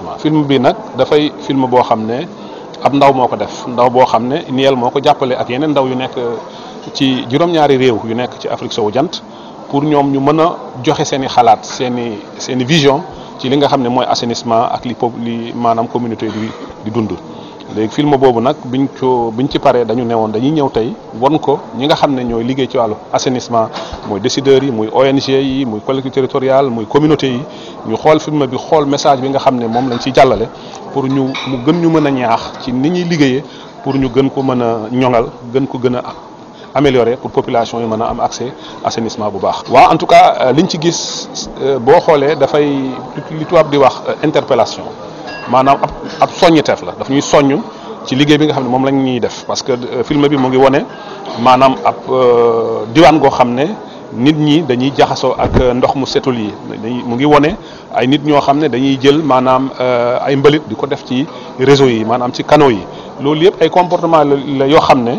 financement film bi nag dafay film boo xam ne ab ndaw moo ko def ndaw boo xam ne niel moo ko jàppale ak yeneen ndaw yu nekk ci juróom-ñaari réew yu nekk ci Afrique sowu jant pour ñoom ñu mën a joxe seen i xalaat seen i seen i vision ci li nga xam ne mooy assainissement ak li po li maanaam communauté bi di dund léegi film boobu nag biñ ko biñ ci paree dañu newoon dañuy ñëw tey won ko ñi nga xam ne ñooy liggéey ci wàllu assainissement muy décideurs yi muy ONG yi mooy collectivité territoriale muy communauté yi ñu xool film bi xool message bi nga xam ne moom lañ ci jàllale pour ñu mu gën ñu mën a ñaax ci ni ñuy liggéeyee pour ñu gën ko mën a ñoŋal gën ko gën a améliorer pour population yi mën a am accès assainissement bu baax. waaw en tout cas euh, liñ ci gis euh, boo xoolee dafay li tubaab di wax euh, interpellation maanaam ab ab soññiteef la daf ñuy soññ ci liggéey bi nga xam ne moom lañ ñuy def parce que film bi mu ngi wone maanaam ab diwaan goo xam ne. nit ñi dañuy jaxasoo ak euh, ndox mu setul yi mu ngi wone ay nit ñoo xam ne dañuy jël maanaam euh, ay mbalit di ko def ci réseau yi maanaam ci canaux yi loolu yëpp ay comportement la yoo xam ne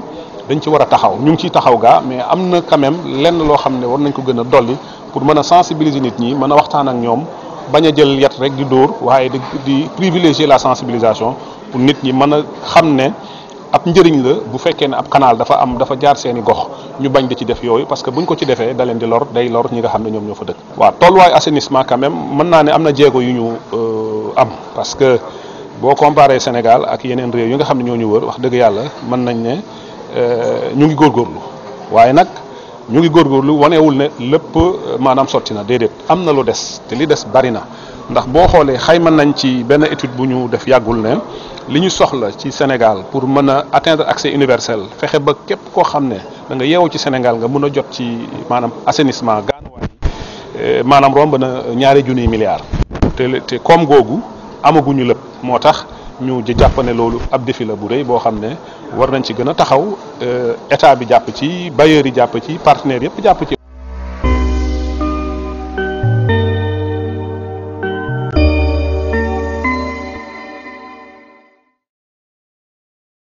dañ ci war a taxaw ñu ngi ciy taxaw ga mais am na quand lenn loo xam ne war nañ ko gën a dolli pour mën a sensibiliser nit ñi mën a waxtaan ak ñoom bañ a jël yat rek di dóor waaye di di privilégier la sensibilisation pour nit ñi mën a xam ne ab njëriñ la bu fekkee ne ab canal dafa am dafa jaar seeni gox ñu bañ di ci def yooyu parce que buñ ko ci defee daleen di lor day lor ñi nga xam ne ñoom ñoo fa dëkk. waaw tolluwaay assainissement quand kame mën naa ne am na jéego yu ñu euh, am parce que boo comparé Sénégal ak yeneen réew yi nga xam ne ñoo ñu wër wax dëgg yàlla mën nañ ne euh, ñu ngi góor góorlu waaye nag ñu ngi góorgóorlu wanewul ne lépp euh, maanaam sotti na déedéet am na lu des te li des bari na. ndax boo xoolee xayma nañ ci benn étude bu ñu def yàggul ne li ñu soxla ci Sénégal pour mën a atteindre accès universel fexe ba képp koo xam ne da nga yeewoo ci Sénégal nga mën a jot ci maanaam assainissement gaanuwaay eh, maanaam romb na ñaari junniy milliards. te te koom googu amaguñu lépp moo tax ñu jàpp ne loolu ab défi la bu rëy boo xam ne war nañ ci gën a taxaw eh, état bi jàpp ci bailleurs yi jàpp ci partenaires yëpp jàpp ci.